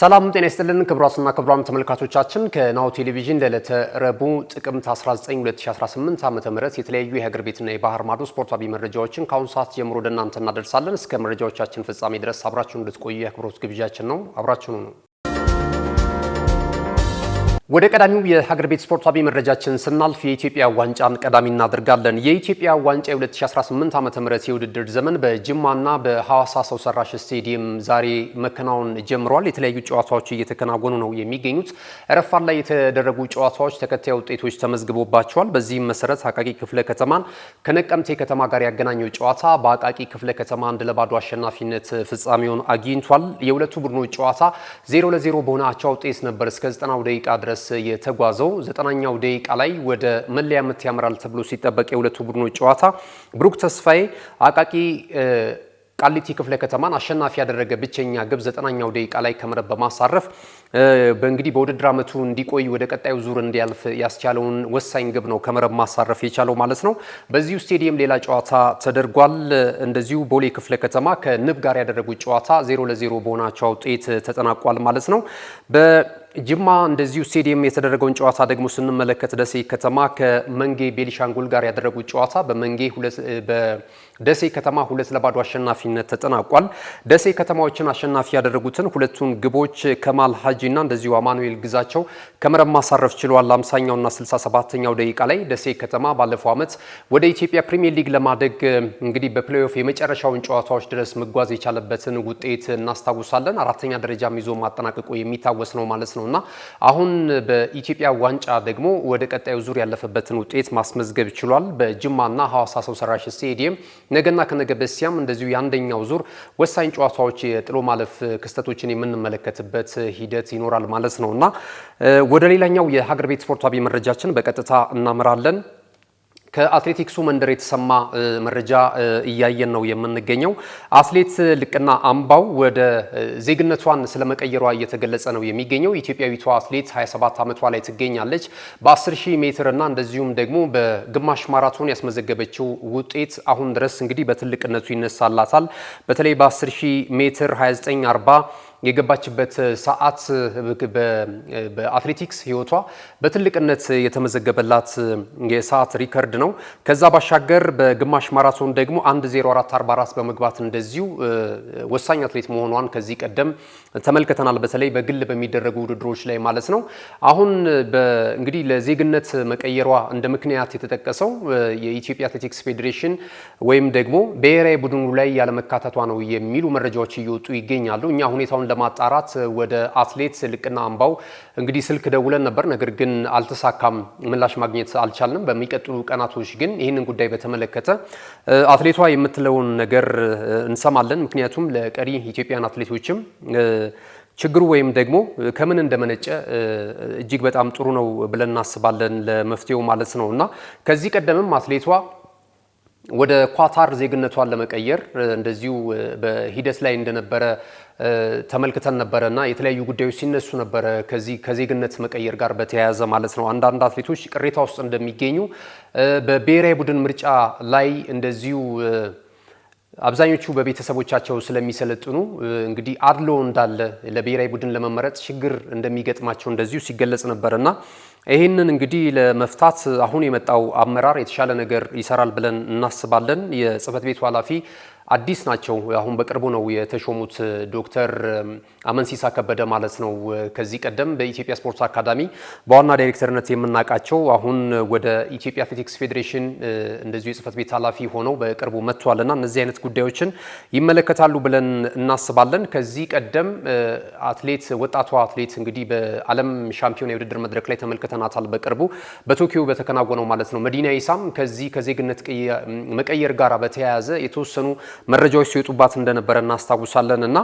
ሰላም ጤና ይስጥልን ክቡራትና ክቡራን ተመልካቾቻችን ከናሁ ቴሌቪዥን ለዕለተ ረቡዕ ጥቅምት 19 2018 ዓ ም የተለያዩ የሀገር ቤትና የባህር ማዶ ስፖርታዊ መረጃዎችን ከአሁኑ ሰዓት ጀምሮ ወደ እናንተ እናደርሳለን። እስከ መረጃዎቻችን ፍጻሜ ድረስ አብራችሁን እንድትቆዩ የአክብሮት ግብዣችን ነው። አብራችሁኑ ነው። ወደ ቀዳሚው የሀገር ቤት ስፖርታዊ መረጃችን ስናልፍ የኢትዮጵያ ዋንጫን ቀዳሚ እናደርጋለን። የኢትዮጵያ ዋንጫ የ2018 ዓ ም የውድድር ዘመን በጅማና በሐዋሳ ሰው ሰራሽ ስቴዲየም ዛሬ መከናወን ጀምሯል። የተለያዩ ጨዋታዎች እየተከናወኑ ነው የሚገኙት። ረፋድ ላይ የተደረጉ ጨዋታዎች ተከታይ ውጤቶች ተመዝግቦባቸዋል። በዚህም መሰረት አቃቂ ክፍለ ከተማን ከነቀምቴ ከተማ ጋር ያገናኘው ጨዋታ በአቃቂ ክፍለ ከተማ አንድ ለባዶ አሸናፊነት ፍጻሜውን አግኝቷል። የሁለቱ ቡድኖች ጨዋታ 0 ለ0 በሆነ አቻ ውጤት ነበር እስከ 90 ደቂቃ ድረስ ድረስ የተጓዘው ዘጠናኛው ደቂቃ ላይ ወደ መለያ ምት ያምራል ተብሎ ሲጠበቅ የሁለቱ ቡድኖች ጨዋታ ብሩክ ተስፋዬ አቃቂ ቃሊቲ ክፍለ ከተማን አሸናፊ ያደረገ ብቸኛ ግብ ዘጠናኛው ደቂቃ ላይ ከመረብ በማሳረፍ በእንግዲህ በውድድር ዓመቱ እንዲቆይ ወደ ቀጣዩ ዙር እንዲያልፍ ያስቻለውን ወሳኝ ግብ ነው ከመረብ ማሳረፍ የቻለው ማለት ነው። በዚሁ ስቴዲየም ሌላ ጨዋታ ተደርጓል። እንደዚሁ ቦሌ ክፍለ ከተማ ከንብ ጋር ያደረጉት ጨዋታ ዜሮ ለዜሮ በሆናቸው ውጤት ተጠናቋል ማለት ነው። ጅማ እንደዚሁ ስቴዲየም የተደረገውን ጨዋታ ደግሞ ስንመለከት ደሴ ከተማ ከመንጌ ቤሊሻንጉል ጋር ያደረጉት ጨዋታ በመንጌ ደሴ ከተማ ሁለት ለባዶ አሸናፊነት ተጠናቋል። ደሴ ከተማዎችን አሸናፊ ያደረጉትን ሁለቱን ግቦች ከማል ሀጂና እንደዚሁ አማኑኤል ግዛቸው ከመረብ ማሳረፍ ችሏል። አምሳኛውና 67ኛው ደቂቃ ላይ ደሴ ከተማ ባለፈው ዓመት ወደ ኢትዮጵያ ፕሪሚየር ሊግ ለማደግ እንግዲህ በፕሌይኦፍ የመጨረሻውን ጨዋታዎች ድረስ መጓዝ የቻለበትን ውጤት እናስታውሳለን። አራተኛ ደረጃም ይዞ ማጠናቀቁ የሚታወስ ነው ማለት ነው እና አሁን በኢትዮጵያ ዋንጫ ደግሞ ወደ ቀጣዩ ዙር ያለፈበትን ውጤት ማስመዝገብ ችሏል። በጅማና ሀዋሳ ሰው ሰራሽ ስቴዲየም ነገና ከነገ በስቲያም እንደዚሁ የአንደኛው ዙር ወሳኝ ጨዋታዎች የጥሎ ማለፍ ክስተቶችን የምንመለከትበት ሂደት ይኖራል ማለት ነው እና ወደ ሌላኛው የሀገር ቤት ስፖርታዊ መረጃችን በቀጥታ እናምራለን። ከአትሌቲክሱ መንደር የተሰማ መረጃ እያየን ነው የምንገኘው። አትሌት ልቅና አምባው ወደ ዜግነቷን ስለመቀየሯ እየተገለጸ ነው የሚገኘው። ኢትዮጵያዊቷ አትሌት 27 ዓመቷ ላይ ትገኛለች። በ10 ሺህ ሜትር እና እንደዚሁም ደግሞ በግማሽ ማራቶን ያስመዘገበችው ውጤት አሁን ድረስ እንግዲህ በትልቅነቱ ይነሳላታል። በተለይ በ10 ሺህ ሜትር 2940 የገባችበት ሰዓት በአትሌቲክስ ህይወቷ በትልቅነት የተመዘገበላት የሰዓት ሪከርድ ነው። ከዛ ባሻገር በግማሽ ማራቶን ደግሞ 10444 በመግባት እንደዚሁ ወሳኝ አትሌት መሆኗን ከዚህ ቀደም ተመልክተናል። በተለይ በግል በሚደረጉ ውድድሮች ላይ ማለት ነው። አሁን እንግዲህ ለዜግነት መቀየሯ እንደ ምክንያት የተጠቀሰው የኢትዮጵያ አትሌቲክስ ፌዴሬሽን ወይም ደግሞ ብሔራዊ ቡድኑ ላይ ያለመካተቷ ነው የሚሉ መረጃዎች እየወጡ ይገኛሉ። እኛ ሁኔታውን ለማጣራት ወደ አትሌት ልቅና አምባው እንግዲህ ስልክ ደውለን ነበር። ነገር ግን አልተሳካም፣ ምላሽ ማግኘት አልቻልንም። በሚቀጥሉ ቀናቶች ግን ይህንን ጉዳይ በተመለከተ አትሌቷ የምትለውን ነገር እንሰማለን። ምክንያቱም ለቀሪ ኢትዮጵያን አትሌቶችም ችግሩ ወይም ደግሞ ከምን እንደመነጨ እጅግ በጣም ጥሩ ነው ብለን እናስባለን ለመፍትሄው ማለት ነው እና ከዚህ ቀደምም አትሌቷ ወደ ኳታር ዜግነቷን ለመቀየር እንደዚሁ በሂደት ላይ እንደነበረ ተመልክተን ነበረ እና የተለያዩ ጉዳዮች ሲነሱ ነበረ ከዚህ ከዜግነት መቀየር ጋር በተያያዘ ማለት ነው። አንዳንድ አትሌቶች ቅሬታ ውስጥ እንደሚገኙ በብሔራዊ ቡድን ምርጫ ላይ እንደዚሁ አብዛኞቹ በቤተሰቦቻቸው ስለሚሰለጥኑ እንግዲህ አድሎ እንዳለ ለብሔራዊ ቡድን ለመመረጥ ችግር እንደሚገጥማቸው እንደዚሁ ሲገለጽ ነበር እና ይህንን እንግዲህ ለመፍታት አሁን የመጣው አመራር የተሻለ ነገር ይሰራል ብለን እናስባለን። የጽህፈት ቤቱ ኃላፊ አዲስ ናቸው። አሁን በቅርቡ ነው የተሾሙት ዶክተር አመንሲሳ ከበደ ማለት ነው። ከዚህ ቀደም በኢትዮጵያ ስፖርት አካዳሚ በዋና ዳይሬክተርነት የምናውቃቸው አሁን ወደ ኢትዮጵያ አትሌቲክስ ፌዴሬሽን እንደዚሁ የጽህፈት ቤት ኃላፊ ሆነው በቅርቡ መጥተዋልና እነዚህ አይነት ጉዳዮችን ይመለከታሉ ብለን እናስባለን። ከዚህ ቀደም አትሌት ወጣቷ አትሌት እንግዲህ በዓለም ሻምፒዮን የውድድር መድረክ ላይ ተመልክተናታል። በቅርቡ በቶኪዮ በተከናወነው ማለት ነው። መዲና ኢሳም ከዚህ ከዜግነት መቀየር ጋር በተያያዘ የተወሰኑ መረጃዎች ሲወጡባት እንደነበረ እናስታውሳለን እና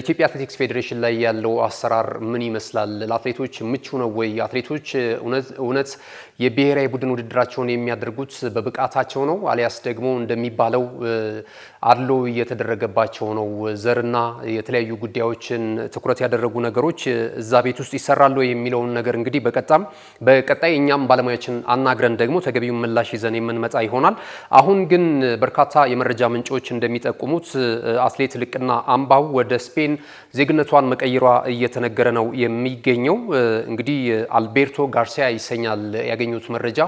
ኢትዮጵያ አትሌቲክስ ፌዴሬሽን ላይ ያለው አሰራር ምን ይመስላል? ለአትሌቶች ምቹ ነው ወይ? አትሌቶች እውነት የብሔራዊ ቡድን ውድድራቸውን የሚያደርጉት በብቃታቸው ነው፣ አሊያስ ደግሞ እንደሚባለው አድሎ እየተደረገባቸው ነው። ዘርና የተለያዩ ጉዳዮችን ትኩረት ያደረጉ ነገሮች እዛ ቤት ውስጥ ይሰራሉ የሚለውን ነገር እንግዲህ በቀጣም በቀጣይ እኛም ባለሙያችን አናግረን ደግሞ ተገቢውን ምላሽ ይዘን የምንመጣ ይሆናል። አሁን ግን በርካታ የመረጃ ምንጮች እንደሚጠቁሙት አትሌት ልቅና አምባው ወደ ስፔን ዜግነቷን መቀየሯ እየተነገረ ነው የሚገኘው። እንግዲህ አልቤርቶ ጋርሲያ ይሰኛል ያገኘ ያገኙት መረጃ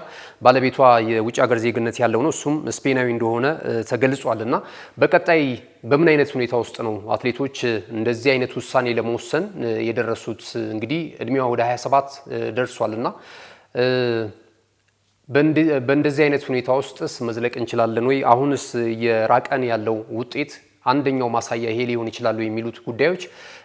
ባለቤቷ የውጭ ሀገር ዜግነት ያለው ነው፣ እሱም ስፔናዊ እንደሆነ ተገልጿል። እና በቀጣይ በምን አይነት ሁኔታ ውስጥ ነው አትሌቶች እንደዚህ አይነት ውሳኔ ለመወሰን የደረሱት? እንግዲህ እድሜዋ ወደ 27 ደርሷል እና በእንደዚህ አይነት ሁኔታ ውስጥስ መዝለቅ እንችላለን ወይ? አሁንስ የራቀን ያለው ውጤት አንደኛው ማሳያ ይሄ ሊሆን ይችላሉ የሚሉት ጉዳዮች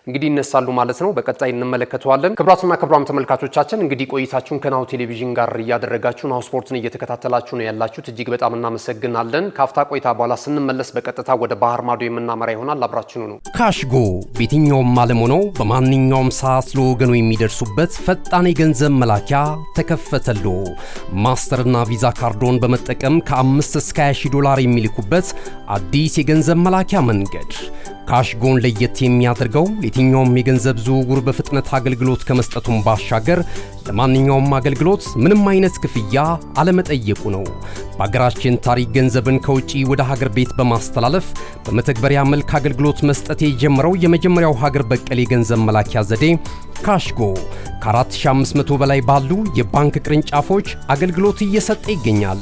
እንግዲህ ይነሳሉ ማለት ነው። በቀጣይ እንመለከተዋለን። ክብራትና ክብራም ተመልካቾቻችን እንግዲህ ቆይታችሁን ከናሁ ቴሌቪዥን ጋር እያደረጋችሁ ናሁ ስፖርትን እየተከታተላችሁ ነው ያላችሁት። እጅግ በጣም እናመሰግናለን። ካፍታ ቆይታ በኋላ ስንመለስ በቀጥታ ወደ ባህር ማዶ የምናመራ ይሆናል። አብራችኑ ነው። ካሽጎ በየትኛውም ዓለም ሆነው በማንኛውም ሰዓት ለወገኑ የሚደርሱበት ፈጣን የገንዘብ መላኪያ ተከፈተሉ። ማስተርና ቪዛ ካርዶን በመጠቀም ከ5 እስከ 20 ዶላር የሚልኩበት አዲስ የገንዘብ መላኪያ መንገድ ካሽጎን ለየት የሚያደርገው የትኛውም የገንዘብ ዝውውር በፍጥነት አገልግሎት ከመስጠቱም ባሻገር ለማንኛውም አገልግሎት ምንም አይነት ክፍያ አለመጠየቁ ነው። በሀገራችን ታሪክ ገንዘብን ከውጪ ወደ ሀገር ቤት በማስተላለፍ በመተግበሪያ መልክ አገልግሎት መስጠት የጀመረው የመጀመሪያው ሀገር በቀል የገንዘብ መላኪያ ዘዴ ካሽጎ ከ4500 በላይ ባሉ የባንክ ቅርንጫፎች አገልግሎት እየሰጠ ይገኛል።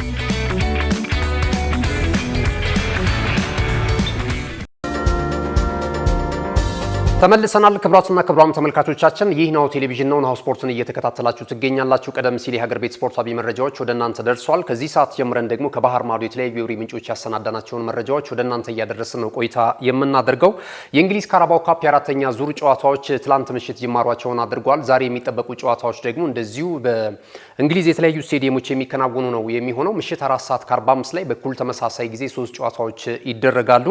ተመልሰናል። ክብራቱና ክብራም ተመልካቾቻችን ይህ ናሁ ቴሌቪዥን ነው። ናሁ ስፖርትን እየተከታተላችሁ ትገኛላችሁ። ቀደም ሲል የሀገር ቤት ስፖርታዊ መረጃዎች ወደ እናንተ ደርሷል። ከዚህ ሰዓት ጀምረን ደግሞ ከባህር ማዶ የተለያዩ የውሪ ምንጮች ያሰናዳናቸውን መረጃዎች ወደ እናንተ እያደረስን ነው ቆይታ የምናደርገው። የእንግሊዝ ካራባው ካፕ የአራተኛ ዙር ጨዋታዎች ትላንት ምሽት ጅማሯቸውን አድርጓል። ዛሬ የሚጠበቁ ጨዋታዎች ደግሞ እንደዚሁ በእንግሊዝ የተለያዩ ስቴዲየሞች የሚከናወኑ ነው የሚሆነው። ምሽት አራት ሰዓት ከ45 ላይ በኩል ተመሳሳይ ጊዜ ሶስት ጨዋታዎች ይደረጋሉ።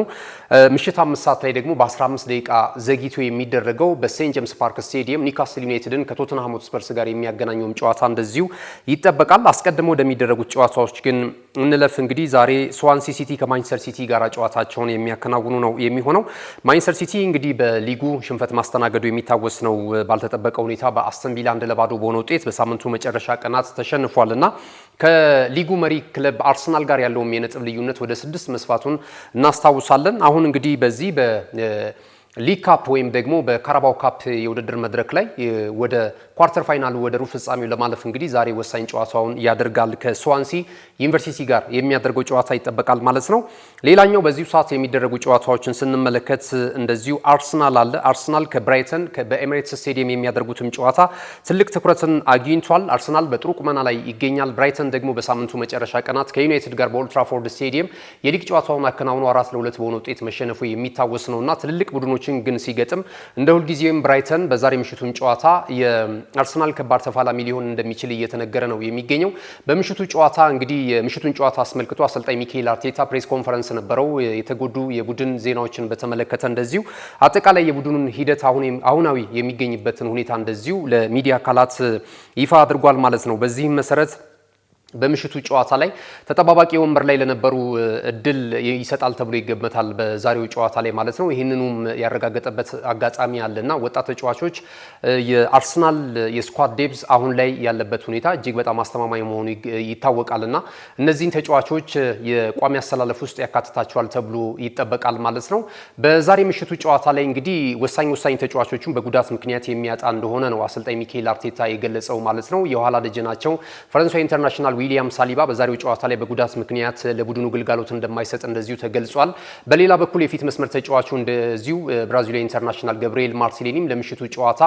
ምሽት አምስት ሰዓት ላይ ደግሞ በ15 ደቂቃ ዘግይቶ የሚደረገው በሴንት ጀምስ ፓርክ ስቴዲየም ኒካስል ዩናይትድን ከቶተንሃም ሆትስፐርስ ጋር የሚያገናኘውም ጨዋታ እንደዚሁ ይጠበቃል። አስቀድሞ ወደሚደረጉት ጨዋታዎች ግን እንለፍ። እንግዲህ ዛሬ ስዋንሲ ሲቲ ከማንቸስተር ሲቲ ጋር ጨዋታቸውን የሚያከናውኑ ነው የሚሆነው። ማንቸስተር ሲቲ እንግዲህ በሊጉ ሽንፈት ማስተናገዱ የሚታወስ ነው። ባልተጠበቀ ሁኔታ በአስተን ቪላ አንድ ለባዶ በሆነ ውጤት በሳምንቱ መጨረሻ ቀናት ተሸንፏል እና ከሊጉ መሪ ክለብ አርሰናል ጋር ያለውም የነጥብ ልዩነት ወደ ስድስት መስፋቱን እናስታውሳለን። አሁን እንግዲህ በዚህ በ ሊግ ካፕ ወይም ደግሞ በካራባው ካፕ የውድድር መድረክ ላይ ወደ ኳርተር ፋይናል ወደ ሩብ ፍጻሜው ለማለፍ እንግዲህ ዛሬ ወሳኝ ጨዋታውን ያደርጋል። ከስዋንሲ ዩኒቨርሲቲ ጋር የሚያደርገው ጨዋታ ይጠበቃል ማለት ነው። ሌላኛው በዚሁ ሰዓት የሚደረጉ ጨዋታዎችን ስንመለከት እንደዚሁ አርሰናል አለ። አርሰናል ከብራይተን በኤሚሬትስ ስቴዲየም የሚያደርጉትም ጨዋታ ትልቅ ትኩረትን አግኝቷል። አርሰናል በጥሩ ቁመና ላይ ይገኛል። ብራይተን ደግሞ በሳምንቱ መጨረሻ ቀናት ከዩናይትድ ጋር በኦልትራፎርድ ስቴዲየም የሊግ ጨዋታውን አከናውኖ አራት ለሁለት በሆነ ውጤት መሸነፉ የሚታወስ እና ትልልቅ ቡድኖችን ግን ሲገጥም እንደ ሁልጊዜም ብራይተን በዛሬ ምሽቱን ጨዋታ የአርሰናል ከባድ ተፋላሚ ሊሆን እንደሚችል እየተነገረ ነው የሚገኘው። በምሽቱ ጨዋታ እንግዲህ የምሽቱን ጨዋታ አስመልክቶ አሰልጣኝ ሚካኤል አርቴታ ፕሬስ ኮንፈረንስ ነበረው። የተጎዱ የቡድን ዜናዎችን በተመለከተ እንደዚሁ አጠቃላይ የቡድኑን ሂደት አሁናዊ የሚገኝበትን ሁኔታ እንደዚሁ ለሚዲያ አካላት ይፋ አድርጓል ማለት ነው። በዚህም መሰረት በምሽቱ ጨዋታ ላይ ተጠባባቂ ወንበር ላይ ለነበሩ እድል ይሰጣል ተብሎ ይገመታል። በዛሬው ጨዋታ ላይ ማለት ነው። ይህንኑም ያረጋገጠበት አጋጣሚ አለና ወጣት ተጫዋቾች የአርሰናል የስኳድ ዴብዝ አሁን ላይ ያለበት ሁኔታ እጅግ በጣም አስተማማኝ መሆኑ ይታወቃልና እነዚህን ተጫዋቾች የቋሚ አሰላለፍ ውስጥ ያካትታቸዋል ተብሎ ይጠበቃል ማለት ነው። በዛሬ ምሽቱ ጨዋታ ላይ እንግዲህ ወሳኝ ወሳኝ ተጫዋቾቹን በጉዳት ምክንያት የሚያጣ እንደሆነ ነው አሰልጣኝ ሚካኤል አርቴታ የገለጸው ማለት ነው። የኋላ ደጀናቸው ፈረንሳይ ኢንተርናሽናል ዊሊያም ሳሊባ በዛሬው ጨዋታ ላይ በጉዳት ምክንያት ለቡድኑ ግልጋሎት እንደማይሰጥ እንደዚሁ ተገልጿል። በሌላ በኩል የፊት መስመር ተጫዋቹ እንደዚሁ ብራዚሊያ ኢንተርናሽናል ገብርኤል ማርቲኔሊም ለምሽቱ ጨዋታ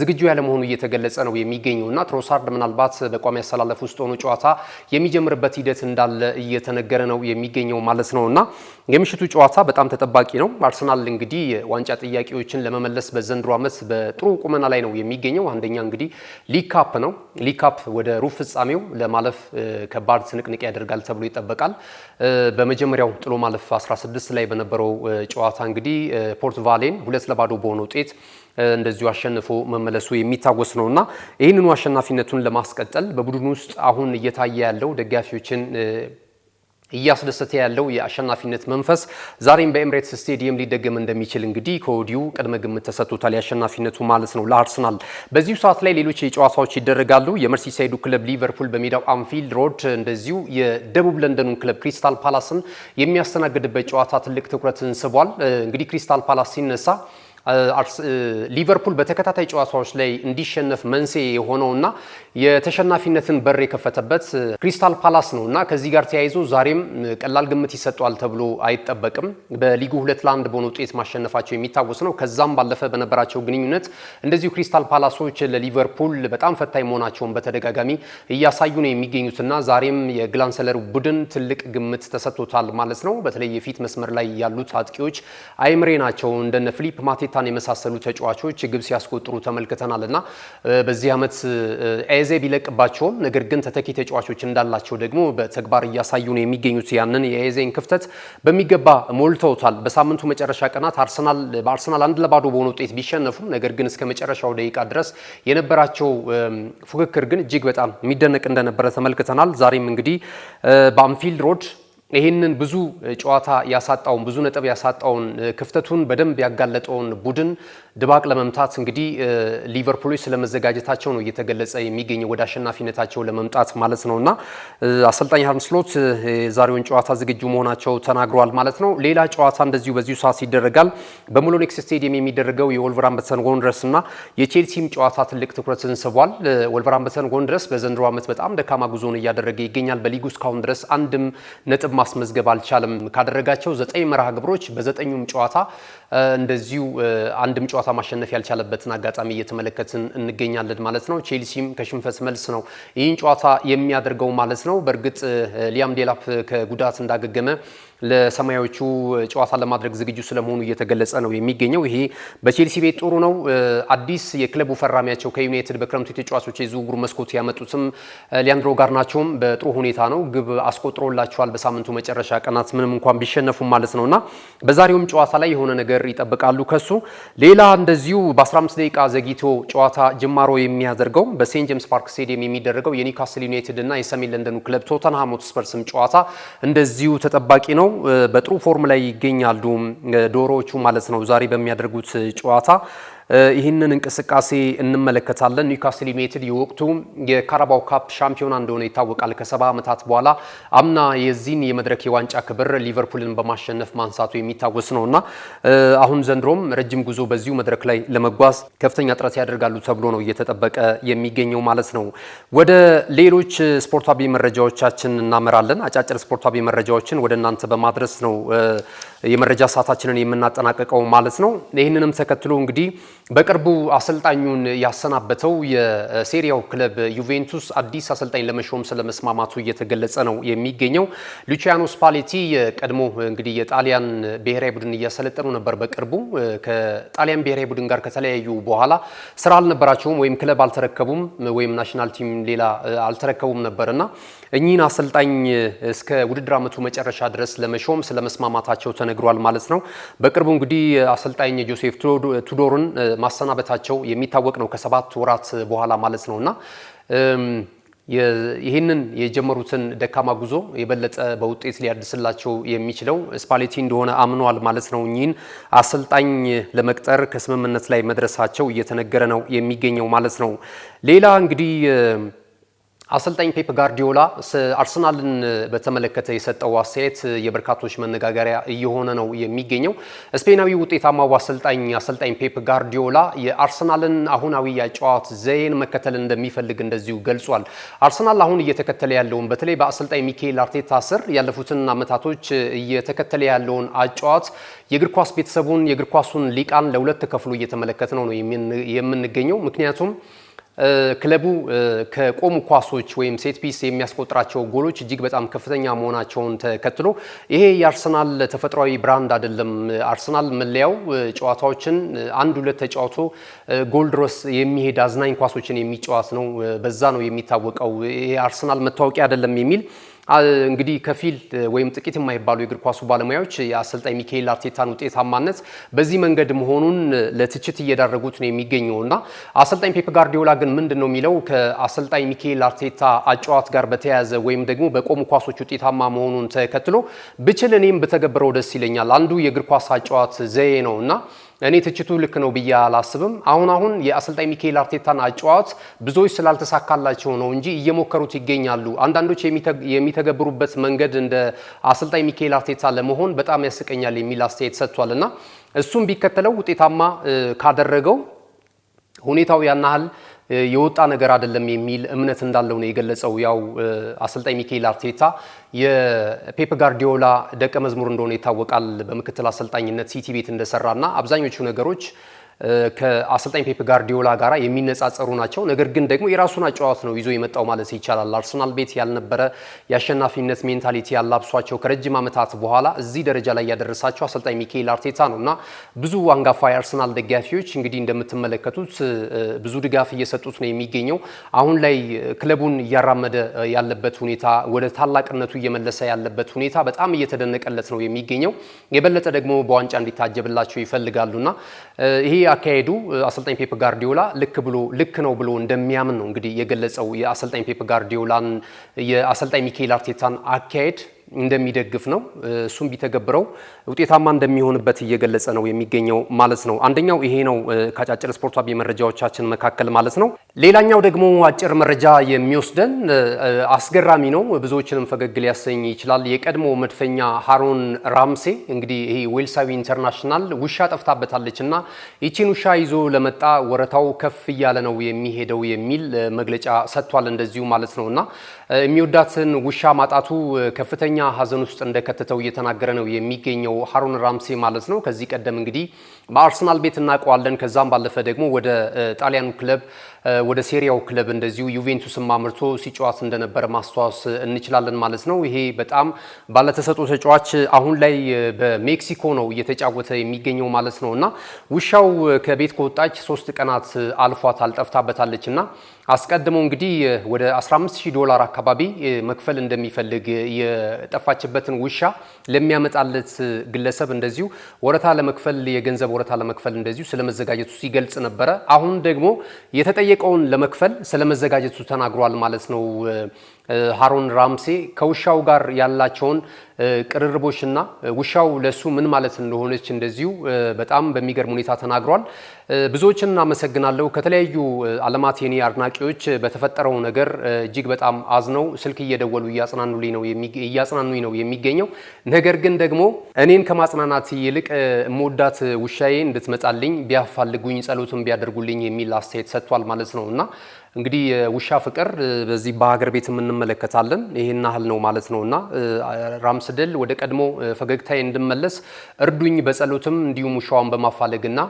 ዝግጁ ያለመሆኑ እየተገለጸ ነው የሚገኘው እና ትሮሳርድ ምናልባት በቋሚ ያሰላለፍ ውስጥ ሆኖ ጨዋታ የሚጀምርበት ሂደት እንዳለ እየተነገረ ነው የሚገኘው ማለት ነው እና የምሽቱ ጨዋታ በጣም ተጠባቂ ነው። አርሰናል እንግዲህ ዋንጫ ጥያቄዎችን ለመመለስ በዘንድሮ ዓመት በጥሩ ቁመና ላይ ነው የሚገኘው። አንደኛ እንግዲህ ሊካፕ ነው። ሊካፕ ወደ ሩብ ፍጻሜው ለማለፍ ከባድ ትንቅንቅ ያደርጋል ተብሎ ይጠበቃል። በመጀመሪያው ጥሎ ማለፍ 16 ላይ በነበረው ጨዋታ እንግዲህ ፖርት ቫሌን ሁለት ለባዶ በሆነ ውጤት እንደዚሁ አሸንፎ መመለሱ የሚታወስ ነው እና ይህንኑ አሸናፊነቱን ለማስቀጠል በቡድን ውስጥ አሁን እየታየ ያለው ደጋፊዎችን እያስደሰተ ያለው የአሸናፊነት መንፈስ ዛሬም በኤምሬትስ ስቴዲየም ሊደገም እንደሚችል እንግዲህ ከወዲሁ ቅድመ ግምት ተሰጥቶታል። የአሸናፊነቱ ማለት ነው ለአርሰናል። በዚሁ ሰዓት ላይ ሌሎች ጨዋታዎች ይደረጋሉ። የመርሲሳይዱ ክለብ ሊቨርፑል በሜዳው አንፊልድ ሮድ እንደዚሁ የደቡብ ለንደኑን ክለብ ክሪስታል ፓላስን የሚያስተናግድበት ጨዋታ ትልቅ ትኩረትን ስቧል። እንግዲህ ክሪስታል ፓላስ ሲነሳ ሊቨርፑል በተከታታይ ጨዋታዎች ላይ እንዲሸነፍ መንስኤ የሆነውና የተሸናፊነትን በር የከፈተበት ክሪስታል ፓላስ ነው እና ከዚህ ጋር ተያይዞ ዛሬም ቀላል ግምት ይሰጠዋል ተብሎ አይጠበቅም። በሊጉ ሁለት ለአንድ በሆነ ውጤት ማሸነፋቸው የሚታወስ ነው። ከዛም ባለፈ በነበራቸው ግንኙነት እንደዚሁ ክሪስታል ፓላሶች ለሊቨርፑል በጣም ፈታኝ መሆናቸውን በተደጋጋሚ እያሳዩ ነው የሚገኙትና ዛሬም የግላንሰለር ቡድን ትልቅ ግምት ተሰጥቶታል ማለት ነው። በተለይ የፊት መስመር ላይ ያሉት አጥቂዎች አይምሬ ናቸው እንደነ ፊሊፕ ማቴታ ሞታን የመሳሰሉ ተጫዋቾች ግብ ሲያስቆጥሩ ተመልክተናል እና በዚህ ዓመት ኤዜ ቢለቅባቸውም ነገር ግን ተተኪ ተጫዋቾች እንዳላቸው ደግሞ በተግባር እያሳዩ ነው የሚገኙት። ያንን የኤዜን ክፍተት በሚገባ ሞልተውታል። በሳምንቱ መጨረሻ ቀናት በአርሰናል አንድ ለባዶ በሆነ ውጤት ቢሸነፉም ነገር ግን እስከ መጨረሻው ደቂቃ ድረስ የነበራቸው ፉክክር ግን እጅግ በጣም የሚደነቅ እንደነበረ ተመልክተናል። ዛሬም እንግዲህ በአንፊልድ ሮድ ይህንን ብዙ ጨዋታ ያሳጣውን ብዙ ነጥብ ያሳጣውን ክፍተቱን በደንብ ያጋለጠውን ቡድን ድባቅ ለመምታት እንግዲህ ሊቨርፑሎች ስለመዘጋጀታቸው ነው እየተገለጸ የሚገኘው ወደ አሸናፊነታቸው ለመምጣት ማለት ነው። እና አሰልጣኝ አርነ ስሎት የዛሬውን ጨዋታ ዝግጁ መሆናቸው ተናግረዋል ማለት ነው። ሌላ ጨዋታ እንደዚሁ በዚሁ ሰዓት ይደረጋል። በሞሎኒክስ ስቴዲየም የሚደረገው የወልቨርሃምፕተን ወንድረስ እና የቼልሲም ጨዋታ ትልቅ ትኩረትን ስቧል። ወልቨርሃምፕተን ወንድረስ በዘንድሮ ዓመት በጣም ደካማ ጉዞን እያደረገ ይገኛል። በሊጉ እስካሁን ድረስ አንድም ነጥብ ማስመዝገብ አልቻለም። ካደረጋቸው ዘጠኝ መርሃ ግብሮች በዘጠኙም ጨዋታ እንደዚሁ አንድም ጨዋታ ጨዋታ ማሸነፍ ያልቻለበትን አጋጣሚ እየተመለከትን እንገኛለን ማለት ነው። ቼልሲም ከሽንፈት መልስ ነው ይህን ጨዋታ የሚያደርገው ማለት ነው። በእርግጥ ሊያም ዴላፕ ከጉዳት እንዳገገመ ለሰማያዎቹ ጨዋታ ለማድረግ ዝግጁ ስለመሆኑ እየተገለጸ ነው የሚገኘው። ይሄ በቼልሲ ቤት ጥሩ ነው። አዲስ የክለቡ ፈራሚያቸው ከዩናይትድ በክረምቱ የተጫዋቾች የዝውውር መስኮት ያመጡትም ሊያንድሮ ጋርናቸውም በጥሩ ሁኔታ ነው፣ ግብ አስቆጥሮላቸዋል በሳምንቱ መጨረሻ ቀናት ምንም እንኳን ቢሸነፉም ማለት ነው እና በዛሬውም ጨዋታ ላይ የሆነ ነገር ይጠብቃሉ ከሱ። ሌላ እንደዚሁ በ15 ደቂቃ ዘግይቶ ጨዋታ ጅማሮ የሚያደርገው በሴንት ጄምስ ፓርክ ስቴዲየም የሚደረገው የኒውካስል ዩናይትድ እና የሰሜን ለንደኑ ክለብ ቶተንሃም ሆትስፐርስም ጨዋታ እንደዚሁ ተጠባቂ ነው። ነው። በጥሩ ፎርም ላይ ይገኛሉ ዶሮዎቹ ማለት ነው። ዛሬ በሚያደርጉት ጨዋታ ይህንን እንቅስቃሴ እንመለከታለን። ኒውካስል ዩናይትድ የወቅቱ የካራባው ካፕ ሻምፒዮና እንደሆነ ይታወቃል። ከሰባ ዓመታት በኋላ አምና የዚህን የመድረክ የዋንጫ ክብር ሊቨርፑልን በማሸነፍ ማንሳቱ የሚታወስ ነው እና አሁን ዘንድሮም ረጅም ጉዞ በዚሁ መድረክ ላይ ለመጓዝ ከፍተኛ ጥረት ያደርጋሉ ተብሎ ነው እየተጠበቀ የሚገኘው ማለት ነው። ወደ ሌሎች ስፖርታዊ መረጃዎቻችን እናመራለን። አጫጭር ስፖርታዊ መረጃዎችን ወደ እናንተ በማድረስ ነው የመረጃ ሰዓታችንን የምናጠናቀቀው ማለት ነው። ይህንንም ተከትሎ እንግዲህ በቅርቡ አሰልጣኙን ያሰናበተው የሴሪያው ክለብ ዩቬንቱስ አዲስ አሰልጣኝ ለመሾም ስለመስማማቱ እየተገለጸ ነው የሚገኘው። ሉቺያኖ ስፓሌቲ የቀድሞ እንግዲህ የጣሊያን ብሔራዊ ቡድን እያሰለጠኑ ነበር። በቅርቡ ከጣሊያን ብሔራዊ ቡድን ጋር ከተለያዩ በኋላ ስራ አልነበራቸውም ወይም ክለብ አልተረከቡም ወይም ናሽናል ቲም ሌላ አልተረከቡም ነበር እና እኚህን አሰልጣኝ እስከ ውድድር ዓመቱ መጨረሻ ድረስ ለመሾም ስለመስማማታቸው ተነግሯል ማለት ነው። በቅርቡ እንግዲህ አሰልጣኝ ጆሴፍ ቱዶርን ማሰናበታቸው የሚታወቅ ነው፣ ከሰባት ወራት በኋላ ማለት ነው እና ይህንን የጀመሩትን ደካማ ጉዞ የበለጠ በውጤት ሊያድስላቸው የሚችለው ስፓሌቲ እንደሆነ አምኗል ማለት ነው። እኚህን አሰልጣኝ ለመቅጠር ከስምምነት ላይ መድረሳቸው እየተነገረ ነው የሚገኘው ማለት ነው። ሌላ እንግዲህ አሰልጣኝ ፔፕ ጋርዲዮላ አርሰናልን በተመለከተ የሰጠው አስተያየት የበርካቶች መነጋገሪያ እየሆነ ነው የሚገኘው። ስፔናዊ ውጤታማው አሰልጣኝ አሰልጣኝ ፔፕ ጋርዲዮላ የአርሰናልን አሁናዊ የጨዋታ ዘዬን መከተል እንደሚፈልግ እንደዚሁ ገልጿል። አርሰናል አሁን እየተከተለ ያለውን በተለይ በአሰልጣኝ ሚካኤል አርቴታ ስር ያለፉትን አመታቶች እየተከተለ ያለውን አጨዋት የእግር ኳስ ቤተሰቡን የእግር ኳሱን ሊቃን ለሁለት ከፍሎ እየተመለከተ ነው ነው የምንገኘው ምክንያቱም ክለቡ ከቆሙ ኳሶች ወይም ሴት ፒስ የሚያስቆጥራቸው ጎሎች እጅግ በጣም ከፍተኛ መሆናቸውን ተከትሎ ይሄ የአርሰናል ተፈጥሯዊ ብራንድ አይደለም። አርሰናል መለያው ጨዋታዎችን አንድ ሁለት ተጫውቶ ጎል ድረስ የሚሄድ አዝናኝ ኳሶችን የሚጫወት ነው። በዛ ነው የሚታወቀው። ይሄ አርሰናል መታወቂያ አይደለም የሚል እንግዲህ ከፊል ወይም ጥቂት የማይባሉ የእግር ኳሱ ባለሙያዎች የአሰልጣኝ ሚካኤል አርቴታን ውጤታማነት በዚህ መንገድ መሆኑን ለትችት እየዳረጉት ነው የሚገኘው እና አሰልጣኝ ፔፕ ጋርዲዮላ ግን ምንድን ነው የሚለው ከአሰልጣኝ ሚካኤል አርቴታ አጨዋት ጋር በተያያዘ ወይም ደግሞ በቆሙ ኳሶች ውጤታማ መሆኑን ተከትሎ ብችል እኔም ብተገብረው ደስ ይለኛል። አንዱ የእግር ኳስ አጨዋት ዘዬ ነው እና እኔ ትችቱ ልክ ነው ብዬ አላስብም። አሁን አሁን የአሰልጣኝ ሚካኤል አርቴታን አጫዋት ብዙዎች ስላልተሳካላቸው ነው እንጂ እየሞከሩት ይገኛሉ። አንዳንዶች የሚተገብሩበት መንገድ እንደ አሰልጣኝ ሚካኤል አርቴታ ለመሆን በጣም ያስቀኛል የሚል አስተያየት ሰጥቷል እና እሱም ቢከተለው ውጤታማ ካደረገው ሁኔታው ያናህል የወጣ ነገር አይደለም የሚል እምነት እንዳለው ነው የገለጸው። ያው አሰልጣኝ ሚካኤል አርቴታ የፔፕ ጋርዲዮላ ደቀ መዝሙር እንደሆነ ይታወቃል። በምክትል አሰልጣኝነት ሲቲ ቤት እንደሰራና አብዛኞቹ ነገሮች ከአሰልጣኝ ፔፕ ጋርዲዮላ ጋር የሚነጻጸሩ ናቸው። ነገር ግን ደግሞ የራሱን አጫዋት ነው ይዞ የመጣው ማለት ይቻላል። አርሰናል ቤት ያልነበረ የአሸናፊነት ሜንታሊቲ ያላብሷቸው ከረጅም ዓመታት በኋላ እዚህ ደረጃ ላይ ያደረሳቸው አሰልጣኝ ሚካኤል አርቴታ ነው እና ብዙ አንጋፋ የአርሰናል ደጋፊዎች እንግዲህ እንደምትመለከቱት ብዙ ድጋፍ እየሰጡት ነው የሚገኘው። አሁን ላይ ክለቡን እያራመደ ያለበት ሁኔታ፣ ወደ ታላቅነቱ እየመለሰ ያለበት ሁኔታ በጣም እየተደነቀለት ነው የሚገኘው። የበለጠ ደግሞ በዋንጫ እንዲታጀብላቸው ይፈልጋሉና ይሄ አካሄዱ አሰልጣኝ ፔፕ ጋርዲዮላ ልክ ብሎ ልክ ነው ብሎ እንደሚያምን ነው እንግዲህ የገለጸው የአሰልጣኝ ፔፕ ጋርዲዮላን የአሰልጣኝ ሚካኤል አርቴታን አካሄድ እንደሚደግፍ ነው። እሱም ቢተገብረው ውጤታማ እንደሚሆንበት እየገለጸ ነው የሚገኘው ማለት ነው። አንደኛው ይሄ ነው ከአጫጭር ስፖርታዊ መረጃዎቻችን መካከል ማለት ነው። ሌላኛው ደግሞ አጭር መረጃ የሚወስደን አስገራሚ ነው፣ ብዙዎችንም ፈገግ ሊያሰኝ ይችላል። የቀድሞ መድፈኛ ሃሮን ራምሴ እንግዲህ ይሄ ዌልሳዊ ኢንተርናሽናል ውሻ ጠፍታበታለች እና ይቺን ውሻ ይዞ ለመጣ ወረታው ከፍ እያለ ነው የሚሄደው የሚል መግለጫ ሰጥቷል። እንደዚሁ ማለት ነው እና የሚወዳትን ውሻ ማጣቱ ከፍተኛ ከፍተኛ ሀዘን ውስጥ እንደከተተው እየተናገረ ነው የሚገኘው ሀሩን ራምሴ ማለት ነው። ከዚህ ቀደም እንግዲህ በአርሰናል ቤት እናውቀዋለን። ከዛም ባለፈ ደግሞ ወደ ጣሊያኑ ክለብ ወደ ሴሪያው ክለብ እንደዚሁ ዩቬንቱስም አምርቶ ሲጫወት እንደነበረ ማስታወስ እንችላለን ማለት ነው። ይሄ በጣም ባለተሰጦ ተጫዋች አሁን ላይ በሜክሲኮ ነው እየተጫወተ የሚገኘው ማለት ነው እና ውሻው ከቤት ከወጣች ሶስት ቀናት አልፏት አልጠፍታበታለች እና አስቀድሞ እንግዲህ ወደ 15000 ዶላር አካባቢ መክፈል እንደሚፈልግ የጠፋችበትን ውሻ ለሚያመጣለት ግለሰብ እንደዚሁ ወረታ ለመክፈል የገንዘብ ወረታ ለመክፈል እንደዚሁ ስለመዘጋጀቱ ሲገልጽ ነበረ። አሁን ደግሞ የተጠየቀውን ለመክፈል ስለመዘጋጀቱ ተናግሯል ማለት ነው። ሃሮን ራምሴ ከውሻው ጋር ያላቸውን ቅርርቦችና ውሻው ለሱ ምን ማለት እንደሆነች እንደዚሁ በጣም በሚገርም ሁኔታ ተናግሯል። ብዙዎችን እናመሰግናለሁ። ከተለያዩ ዓለማት የኔ አድናቂዎች በተፈጠረው ነገር እጅግ በጣም አዝነው ስልክ እየደወሉ እያጽናኑኝ ነው የሚገኘው። ነገር ግን ደግሞ እኔን ከማጽናናት ይልቅ እምወዳት ውሻዬ እንድትመጣልኝ ቢያፋልጉኝ ጸሎትን ቢያደርጉልኝ የሚል አስተያየት ሰጥቷል ማለት ነው እና እንግዲህ የውሻ ፍቅር በዚህ በሀገር ቤትም እንመለከታለን። ይህን ያህል ነው ማለት ነው እና ራምስድል ወደ ቀድሞ ፈገግታዬ እንድመለስ እርዱኝ በጸሎትም እንዲሁም ውሻዋን በማፋለግና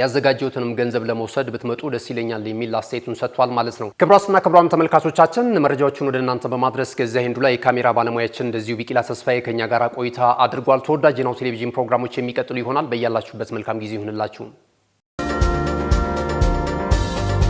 ያዘጋጀሁትንም ገንዘብ ለመውሰድ ብትመጡ ደስ ይለኛል የሚል አስተያየቱን ሰጥቷል ማለት ነው። ክብራስና ክቡራን ተመልካቾቻችን መረጃዎቹን ወደ እናንተ በማድረስ ከዚያ ሄንዱ ላይ የካሜራ ባለሙያችን እንደዚሁ ቢቂላ ተስፋዬ ከኛ ጋር ቆይታ አድርጓል። ተወዳጅ ናሁ ቴሌቪዥን ፕሮግራሞች የሚቀጥሉ ይሆናል። በያላችሁበት መልካም ጊዜ ይሁንላችሁ።